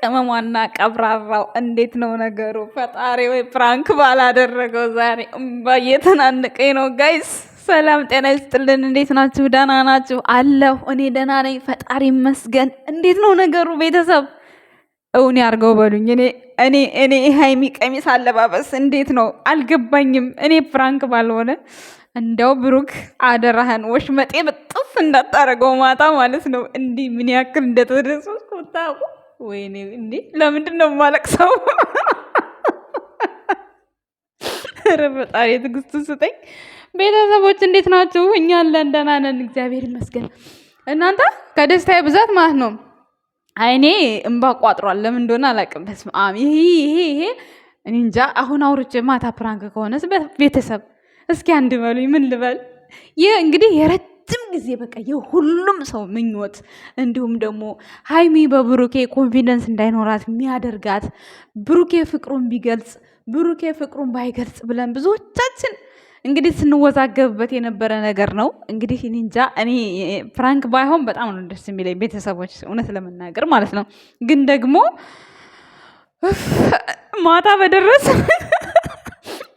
ቅመሟና ቀብራራው እንዴት ነው ነገሩ? ፈጣሪ ወይ ፕራንክ ባላደረገው ዛሬ እምባ እየተናነቀኝ ነው ጋይስ። ሰላም ጤና ይስጥልን። እንዴት ናችሁ? ደህና ናችሁ? አለሁ እኔ ደህና ነኝ፣ ፈጣሪ ይመስገን። እንዴት ነው ነገሩ ቤተሰብ? እውን ያርገው በሉኝ። እኔ እኔ እኔ ሀይሚ ቀሚስ አለባበስ እንዴት ነው አልገባኝም። እኔ ፕራንክ ባልሆነ እንደው ብሩክ አደራህን ወሽመጤ በጥፍ እንዳታረገው ማታ ማለት ነው። እንዲህ ምን ያክል እንደተደሰስኩ ብታውቁ። ወይኔ እንዲ ለምንድን ነው የማለቅሰው? ኧረ ፈጣሪ ትዕግስቱን ስጠኝ። ቤተሰቦች እንዴት ናችሁ? እኛ አለን ደህና ነን፣ እግዚአብሔር ይመስገን። እናንተ ከደስታ ብዛት ማለት ነው አይኔ እምባ ቋጥሯል። ለምን እንደሆነ አላውቅም። በስመ አብ ይሄ ይሄ ይሄ እንጃ። አሁን አውርቼ ማታ ፕራንክ ከሆነስ ቤተሰብ እስኪ አንድ በሉኝ፣ ምን ልበል? ይህ እንግዲህ የረጅም ጊዜ በቃ የሁሉም ሰው ምኞት እንዲሁም ደግሞ ሀይሚ በብሩኬ ኮንፊደንስ እንዳይኖራት የሚያደርጋት ብሩኬ ፍቅሩን ቢገልጽ ብሩኬ ፍቅሩን ባይገልጽ ብለን ብዙዎቻችን እንግዲህ ስንወዛገብበት የነበረ ነገር ነው። እንግዲህ እንጃ እኔ ፍራንክ ባይሆን በጣም ነው ደስ የሚለኝ ቤተሰቦች፣ እውነት ለመናገር ማለት ነው። ግን ደግሞ ማታ በደረስ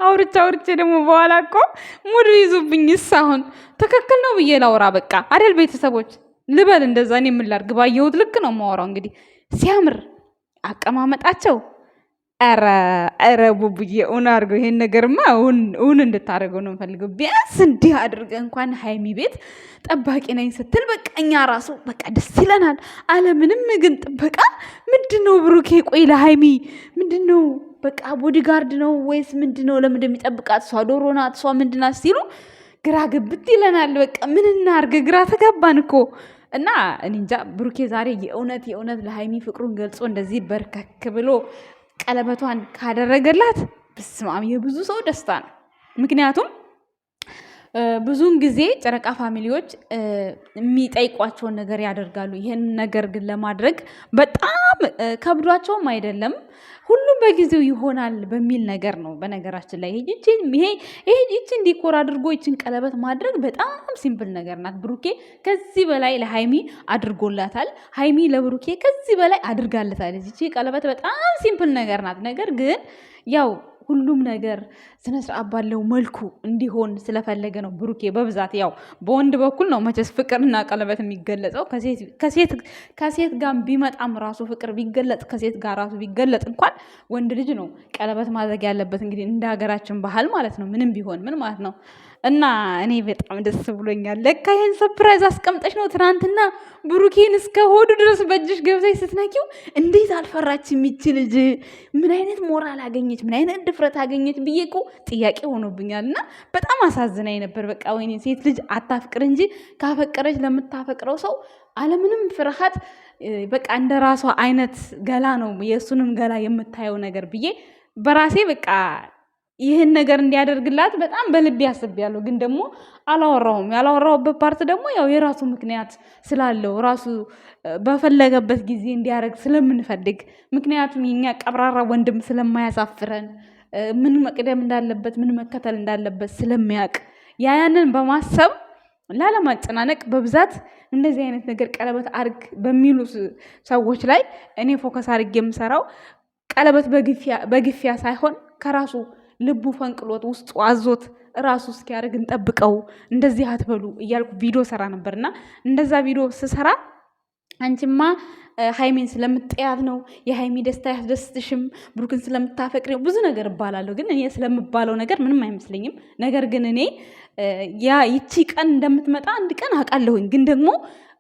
አውርቼ አውርቼ ደግሞ በኋላ እኮ ሙሉ ይዙብኝ። አሁን ትክክል ነው ብዬ ላውራ በቃ አደል ቤተሰቦች ልበል እንደዛ። እኔ የምላርግ ላድርግ? ባየሁት ልክ ነው የማወራው። እንግዲህ ሲያምር አቀማመጣቸው ኧረ ኧረ ቡቡዬ እውን አድርገው ይሄን ነገርማ እውን እንድታደርገው ነው የምፈልገው። ቢያንስ እንዲህ አድርገ እንኳን ሀይሚ ቤት ጠባቂ ነኝ ስትል በቃ እኛ ራሱ በቃ ደስ ይለናል። አለምንም ግን ጥበቃ ምንድን ነው ብሩኬ? ቆይ ለሀይሚ ምንድን ነው በቃ ቦዲጋርድ ነው ወይስ ምንድን ነው? ለምን እንደሚጠብቃት እሷ ዶሮ ናት፣ እሷ ምንድን ናት ሲሉ ግራ ግብት ይለናል። በቃ ምን እናድርግ? ግራ ተጋባን እኮ እና እኔ እንጃ። ብሩኬ ዛሬ የእውነት የእውነት ለሀይሚ ፍቅሩን ገልጾ እንደዚህ በርከክ ብሎ ቀለበቷን ካደረገላት ብስማም የብዙ ሰው ደስታ ነው። ምክንያቱም ብዙውን ጊዜ ጨረቃ ፋሚሊዎች የሚጠይቋቸውን ነገር ያደርጋሉ። ይህን ነገር ግን ለማድረግ በጣም ከብዷቸውም አይደለም፣ ሁሉም በጊዜው ይሆናል በሚል ነገር ነው። በነገራችን ላይ ይህችን ዲኮር አድርጎ ይችን ቀለበት ማድረግ በጣም ሲምፕል ነገር ናት። ብሩኬ ከዚህ በላይ ለሀይሚ አድርጎላታል፣ ሃይሚ ለብሩኬ ከዚህ በላይ አድርጋለታል። ይቺ ቀለበት በጣም ሲምፕል ነገር ናት። ነገር ግን ያው ሁሉም ነገር ስነስርዓት ባለው መልኩ እንዲሆን ስለፈለገ ነው ብሩኬ። በብዛት ያው በወንድ በኩል ነው መቼስ ፍቅርና ቀለበት የሚገለጸው። ከሴት ጋር ቢመጣም ራሱ ፍቅር ቢገለጽ ከሴት ጋር ራሱ ቢገለጽ እንኳን ወንድ ልጅ ነው ቀለበት ማድረግ ያለበት። እንግዲህ እንደ ሀገራችን ባህል ማለት ነው ምንም ቢሆን ምን ማለት ነው እና እኔ በጣም ደስ ብሎኛል። ለካ ይህን ሰፕራይዝ አስቀምጠሽ ነው ትናንትና ብሩኬን እስከ ሆዱ ድረስ በእጅሽ ገብተሽ ስትነኪው፣ እንዴት አልፈራች የሚችል ልጅ ምን አይነት ሞራል አገኘች፣ ምን አይነት ድፍረት አገኘች ብዬ እኮ ጥያቄ ሆኖብኛል። እና በጣም አሳዝናኝ ነበር። በቃ ወይኔ ሴት ልጅ አታፍቅር እንጂ ካፈቀረች ለምታፈቅረው ሰው አለምንም ፍርሃት በቃ እንደ ራሷ አይነት ገላ ነው የእሱንም ገላ የምታየው ነገር ብዬ በራሴ በቃ ይህን ነገር እንዲያደርግላት በጣም በልብ ያስብ ያለው ግን ደግሞ አላወራውም ያላወራውበት ፓርት ደግሞ ያው የራሱ ምክንያት ስላለው ራሱ በፈለገበት ጊዜ እንዲያደርግ ስለምንፈልግ፣ ምክንያቱም የኛ ቀብራራ ወንድም ስለማያሳፍረን ምን መቅደም እንዳለበት ምን መከተል እንዳለበት ስለሚያውቅ ያ ያንን በማሰብ ላለማጨናነቅ በብዛት እንደዚህ አይነት ነገር ቀለበት አርግ በሚሉ ሰዎች ላይ እኔ ፎከስ አርግ የምሰራው ቀለበት በግፊያ ሳይሆን ከራሱ ልቡ ፈንቅሎት ውስጡ አዞት ራሱ እስኪያደርግ እንጠብቀው፣ እንደዚህ አትበሉ እያልኩ ቪዲዮ ሰራ ነበር እና እንደዛ ቪዲዮ ስሰራ አንቺማ ሃይሜን ስለምጠያት ነው የሃይሜ ደስታ ያስደስትሽም፣ ብሩክን ስለምታፈቅሪ ብዙ ነገር እባላለሁ። ግን እኔ ስለምባለው ነገር ምንም አይመስለኝም። ነገር ግን እኔ ያ ይቺ ቀን እንደምትመጣ አንድ ቀን አውቃለሁኝ። ግን ደግሞ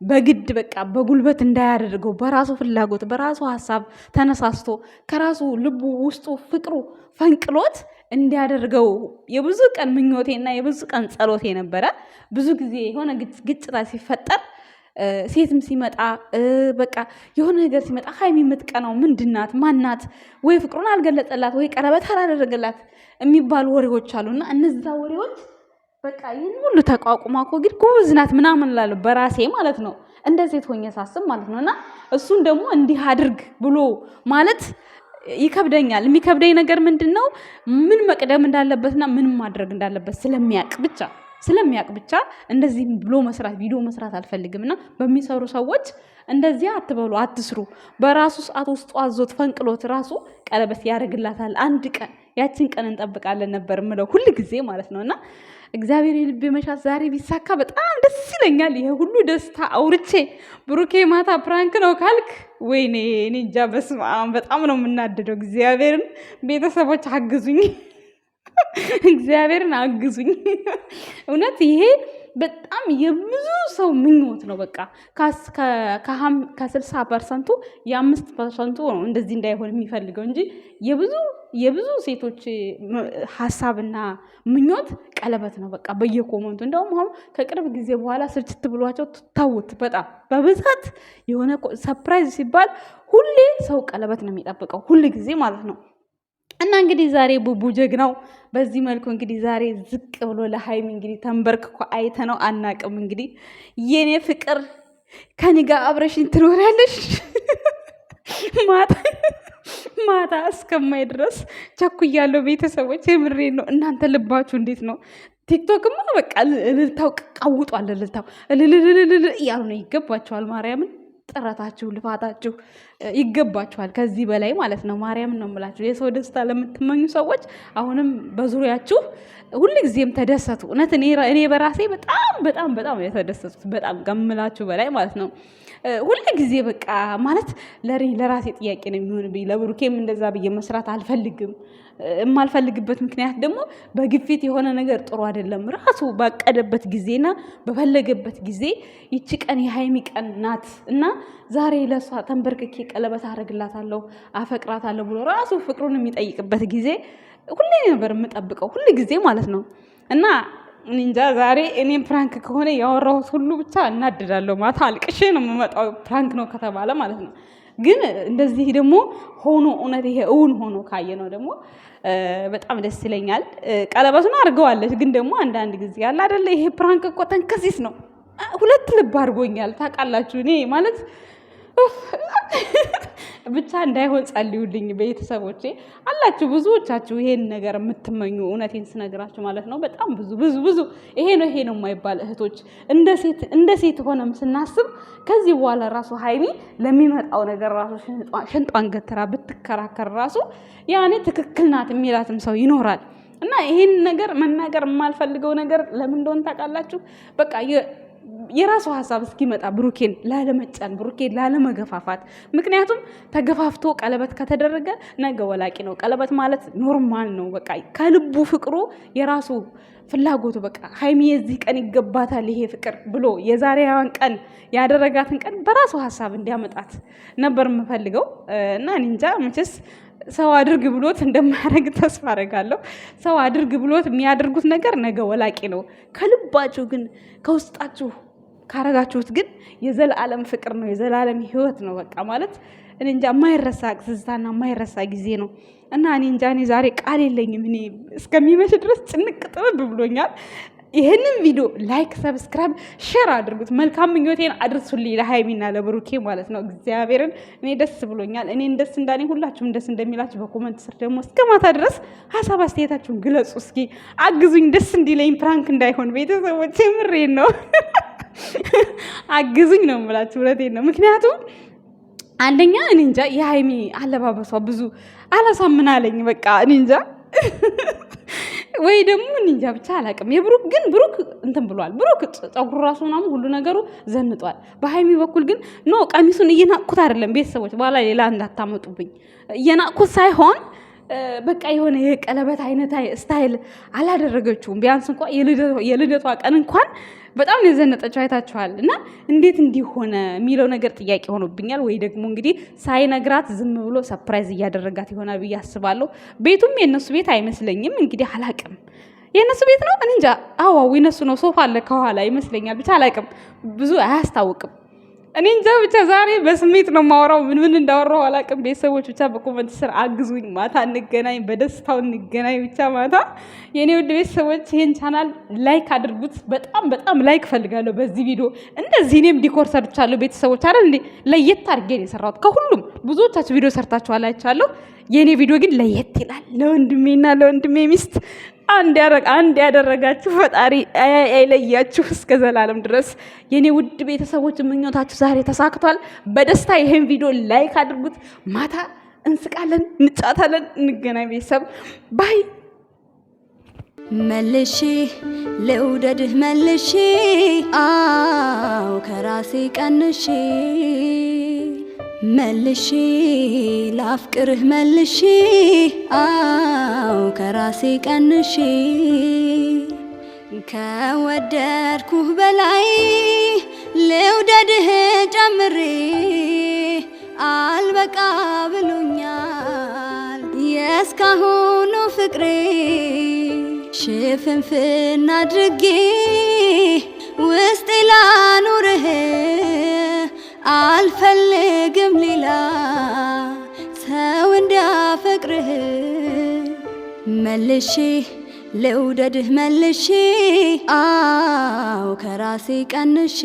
በግድ በቃ በጉልበት እንዳያደርገው በራሱ ፍላጎት በራሱ ሀሳብ ተነሳስቶ ከራሱ ልቡ ውስጡ ፍቅሩ ፈንቅሎት እንዲያደርገው የብዙ ቀን ምኞቴና የብዙ ቀን ጸሎቴ ነበረ። ብዙ ጊዜ የሆነ ግጭታ ሲፈጠር ሴትም ሲመጣ በቃ የሆነ ነገር ሲመጣ ሀይሚ የምትቀናው ምንድናት? ማናት? ወይ ፍቅሩን አልገለጠላት ወይ ቀረበት አላደረገላት የሚባሉ ወሬዎች አሉ። እና እነዛ ወሬዎች በቃ ይህን ሁሉ ተቋቁማ እኮ ግን ጎበዝ ናት ምናምን እላለሁ በራሴ ማለት ነው፣ እንደ ሴት ሆኜ ሳስብ ማለት ነው። እና እሱን ደግሞ እንዲህ አድርግ ብሎ ማለት ይከብደኛል። የሚከብደኝ ነገር ምንድን ነው? ምን መቅደም እንዳለበትና ምን ማድረግ እንዳለበት ስለሚያውቅ ብቻ ስለሚያውቅ ብቻ እንደዚህ ብሎ መስራት ቪዲዮ መስራት አልፈልግም። እና በሚሰሩ ሰዎች እንደዚህ አትበሉ፣ አትስሩ። በራሱ ሰዓት ውስጡ አዞት ፈንቅሎት ራሱ ቀለበት ያደርግላታል አንድ ቀን ያችን ቀን እንጠብቃለን ነበር ምለው ሁል ጊዜ ማለት ነው። እና እግዚአብሔር የልቤ መሻት ዛሬ ቢሳካ በጣም ደስ ይለኛል። ይሄ ሁሉ ደስታ አውርቼ ብሩኬ ማታ ፕራንክ ነው ካልክ ወይኔ እኔ እንጃ። በስመ አብ በጣም ነው የምናደደው። እግዚአብሔርን ቤተሰቦች አግዙኝ፣ እግዚአብሔርን አግዙኝ እውነት ይሄ በጣም የብዙ ሰው ምኞት ነው። በቃ ከስልሳ ፐርሰንቱ የአምስት ፐርሰንቱ ነው እንደዚህ እንዳይሆን የሚፈልገው እንጂ የብዙ የብዙ ሴቶች ሀሳብና ምኞት ቀለበት ነው። በቃ በየኮመንቱ እንደውም አሁን ከቅርብ ጊዜ በኋላ ስርጭት ብሏቸው ትታውት በጣም በብዛት የሆነ ሰፕራይዝ ሲባል ሁሌ ሰው ቀለበት ነው የሚጠብቀው ሁል ጊዜ ማለት ነው። እና እንግዲህ ዛሬ ቡቡ ጀግናው በዚህ መልኩ እንግዲህ ዛሬ ዝቅ ብሎ ለሀይሚ እንግዲህ ተንበርክኮ አይተነው አናቅም። እንግዲህ የኔ ፍቅር ከኒጋ አብረሽኝ ትኖሪያለሽ ማታ ማታ እስከማይ ድረስ ቸኩያለሁ። ቤተሰቦች የምሬ ነው። እናንተ ልባችሁ እንዴት ነው? ቲክቶክማ በቃ እልልታው ቀውጧል። እልልታው እልልልልል እያሉ ነው። ይገባቸዋል ማርያምን ጥረታችሁ፣ ልፋታችሁ ይገባችኋል። ከዚህ በላይ ማለት ነው። ማርያም ነው የምላችሁ። የሰው ደስታ ለምትመኙ ሰዎች አሁንም በዙሪያችሁ ሁልጊዜም ተደሰቱ። እውነት እኔ በራሴ በጣም በጣም በጣም የተደሰቱት በጣም ከምላችሁ በላይ ማለት ነው። ሁልጊዜ በቃ ማለት ለራሴ ጥያቄ ነው የሚሆንብኝ። ለብሩኬም እንደዛ ብዬ መስራት አልፈልግም። የማልፈልግበት ምክንያት ደግሞ በግፊት የሆነ ነገር ጥሩ አይደለም። ራሱ ባቀደበት ጊዜና በፈለገበት ጊዜ ይቺ ቀን የሀይሚ ቀን ናት እና ዛሬ ለሷ ተንበርክኬ ቀለበት አፈቅራት አፈቅራታለሁ ብሎ ራሱ ፍቅሩን የሚጠይቅበት ጊዜ ሁሌ ነበር የምጠብቀው፣ ሁል ጊዜ ማለት ነው። እና እንጃ ዛሬ እኔም ፕራንክ ከሆነ ያወራሁት ሁሉ ብቻ እናድዳለሁ። ማታ አልቅሼ ነው የምመጣው፣ ፕራንክ ነው ከተባለ ማለት ነው። ግን እንደዚህ ደግሞ ሆኖ እውነት ይሄ እውን ሆኖ ካየ ነው ደግሞ በጣም ደስ ይለኛል። ቀለበቱን አድርገዋለች፣ ግን ደግሞ አንዳንድ ጊዜ ያለ አይደለ ይሄ ፕራንክ እኮ ተንከሲስ ነው። ሁለት ልብ አድርጎኛል። ታውቃላችሁ እኔ ማለት ብቻ እንዳይሆን ጸልዩልኝ ቤተሰቦቼ። አላችሁ ብዙዎቻችሁ ይሄን ነገር የምትመኙ እውነቴን ስነግራችሁ ማለት ነው። በጣም ብዙ ብዙ ብዙ ይሄ ነው ይሄ ነው የማይባል እህቶች፣ እንደ ሴት ሆነም ስናስብ ከዚህ በኋላ ራሱ ሀይሚ ለሚመጣው ነገር ራሱ ሽንጧን ገትራ ብትከራከር ራሱ ያኔ ትክክል ናት የሚላትም ሰው ይኖራል። እና ይህን ነገር መናገር የማልፈልገው ነገር ለምን እንደሆን ታውቃላችሁ በቃ የራሱ ሀሳብ እስኪመጣ ብሩኬን ላለመጫን ብሩኬን ላለመገፋፋት። ምክንያቱም ተገፋፍቶ ቀለበት ከተደረገ ነገ ወላቂ ነው። ቀለበት ማለት ኖርማል ነው። በቃ ከልቡ ፍቅሩ የራሱ ፍላጎቱ በቃ ሀይሚ የዚህ ቀን ይገባታል ይሄ ፍቅር ብሎ የዛሬዋን ቀን ያደረጋትን ቀን በራሱ ሀሳብ እንዲያመጣት ነበር የምፈልገው እና እንጃ መቼስ ሰው አድርግ ብሎት እንደማያደርግ ተስፋ አደርጋለሁ። ሰው አድርግ ብሎት የሚያደርጉት ነገር ነገ ወላቂ ነው። ከልባችሁ ግን ከውስጣችሁ ካረጋችሁት ግን የዘላለም ፍቅር ነው፣ የዘላለም ህይወት ነው። በቃ ማለት እኔ እንጃ የማይረሳ ትዝታና የማይረሳ ጊዜ ነው እና እኔ እንጃ እኔ ዛሬ ቃል የለኝም። እኔ እስከሚመሽ ድረስ ጭንቅ ጥብብ ብሎኛል። ይህንን ቪዲዮ ላይክ፣ ሰብስክራይብ፣ ሼር አድርጉት። መልካም ምኞቴን አድርሱልኝ ለሀይሚና ለብሩኬ ማለት ነው። እግዚአብሔርን እኔ ደስ ብሎኛል። እኔን ደስ እንዳኔ ሁላችሁም ደስ እንደሚላችሁ በኮመንት ስር ደግሞ እስከ ማታ ድረስ ሀሳብ አስተያየታችሁን ግለጹ። እስኪ አግዙኝ፣ ደስ እንዲለኝ ፕራንክ እንዳይሆን ቤተሰቦች፣ የምሬን ነው አግዙኝ ነው የምላችሁ። እውነቴን ነው ምክንያቱም አንደኛ እኔ እንጃ የሀይሚ አለባበሷ ብዙ አላሳምን አለኝ። በቃ እኔ እንጃ ወይ ደግሞ እንጃ ብቻ አላቅም። የብሩክ ግን ብሩክ እንትን ብሏል። ብሩክ ፀጉሩ ራሱ ምናምን ሁሉ ነገሩ ዘንጧል። በሀይሚ በኩል ግን ኖ ቀሚሱን እየናቅኩት አይደለም ቤተሰቦች፣ በኋላ ሌላ እንዳታመጡብኝ እየናቅኩት ሳይሆን በቃ የሆነ የቀለበት አይነት ስታይል አላደረገችውም። ቢያንስ እንኳን የልደቷ ቀን እንኳን በጣም ነው የዘነጠችው። አይታችኋል። እና እንዴት እንዲሆነ የሚለው ነገር ጥያቄ ሆኖብኛል። ወይ ደግሞ እንግዲህ ሳይነግራት ዝም ብሎ ሰፕራይዝ እያደረጋት ይሆናል ብዬ አስባለሁ። ቤቱም የእነሱ ቤት አይመስለኝም። እንግዲህ አላቅም የእነሱ ቤት ነው እንጃ። አዋው የነሱ ነው። ሶፋ አለ ከኋላ ይመስለኛል። ብቻ አላቅም፣ ብዙ አያስታውቅም። እኔ እንጃ ብቻ ዛሬ በስሜት ነው የማወራው። ምን ምን እንዳወራው አላውቅም። ቤተሰቦች ብቻ በኮመንት ስር አግዙኝ። ማታ እንገናኝ፣ በደስታው እንገናኝ። ብቻ ማታ የእኔ ውድ ቤተሰቦች ይህን ቻናል ላይክ አድርጉት። በጣም በጣም ላይክ ፈልጋለሁ በዚህ ቪዲዮ። እንደዚህ እኔም ዲኮር ሰርቻለሁ ቤተሰቦች፣ አይደል እንዴ? ለየት አድርጌ የሰራሁት። ከሁሉም ብዙዎቻችሁ ቪዲዮ ሰርታችኋል አይቻለሁ። የእኔ ቪዲዮ ግን ለየት ይላል። ለወንድሜና ለወንድሜ ሚስት አንድ ያደረጋችሁ ፈጣሪ አይለያችሁ እስከ ዘላለም ድረስ። የኔ ውድ ቤተሰቦች ምኞታችሁ ዛሬ ተሳክቷል። በደስታ ይሄን ቪዲዮ ላይክ አድርጉት። ማታ እንስቃለን፣ እንጫታለን። እንገናኝ ቤተሰብ ባይ። መልሼ ልውደድህ መልሼ አው ከራሴ ቀንሼ መልሼ ላፍቅርህ መልሼ አው ከራሴ ቀንሼ ከወደድኩህ በላይ ልውደድህ ጨምሬ አልበቃ ብሎኛል የእስካሁኑ ፍቅሬ ሽፍንፍን አድርጌ ውስጥ ላኑርህ አልፈልግም ሌላ ሰው እንዳፈቅርህ መልሼ ልውደድህ መልሼ አው ከራሴ ቀንሼ